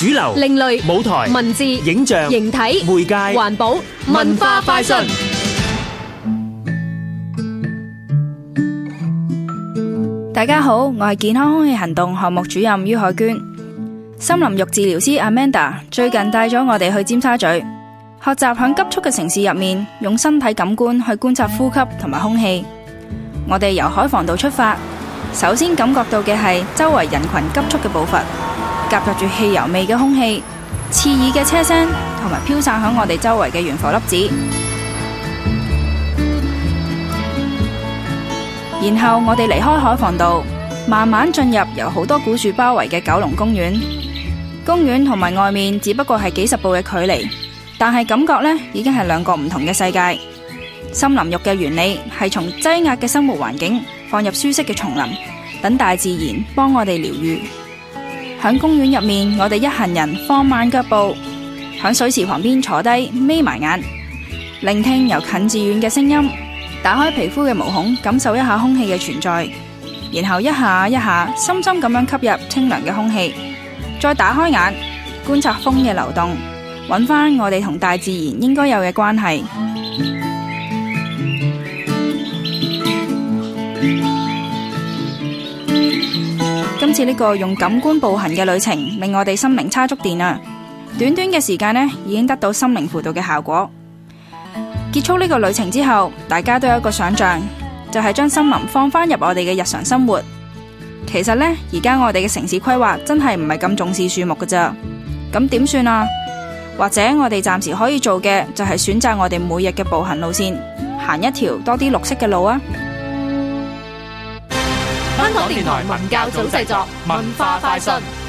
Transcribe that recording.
主流、另類舞台、文字、影像、形體、媒介、環保、文化、快訊。大家好，我係健康空氣行動項目主任于海娟，森林浴治療師 Amanda 最近帶咗我哋去尖沙咀，學習響急速嘅城市入面，用身體感官去觀察呼吸同埋空氣。我哋由海防道出發。首先感覺到嘅係周圍人群急速嘅步伐，夾雜住汽油味嘅空氣、刺耳嘅車聲同埋飄散喺我哋周圍嘅懸浮粒子。然後我哋離開海防道，慢慢進入由好多古樹包圍嘅九龍公園。公園同埋外面只不過係幾十步嘅距離，但係感覺呢已經係兩個唔同嘅世界。森林浴嘅原理係從擠壓嘅生活環境。放入舒適嘅松林，等大自然幫我哋療愈。喺公園入面，我哋一行人放慢腳步，喺水池旁邊坐低，眯埋眼，聆聽由近至遠嘅聲音，打開皮膚嘅毛孔，感受一下空氣嘅存在，然後一下一下深深咁樣吸入清涼嘅空氣，再打開眼，觀察風嘅流動，揾返我哋同大自然應該有嘅關係。呢個用感官步行嘅旅程，令我哋心靈差足電啦！短短嘅時間呢，已經得到心靈輔導嘅效果。結束呢個旅程之後，大家都有一個想象，就係將森林放返入我哋嘅日常生活。其實呢，而家我哋嘅城市規劃真係唔係咁重視樹木㗎咋。咁點算啊？或者我哋暫時可以做嘅，就係選擇我哋每日嘅步行路線，行一條多啲綠色嘅路啊！香港電台文教組製作，作《文化快訊》快訊。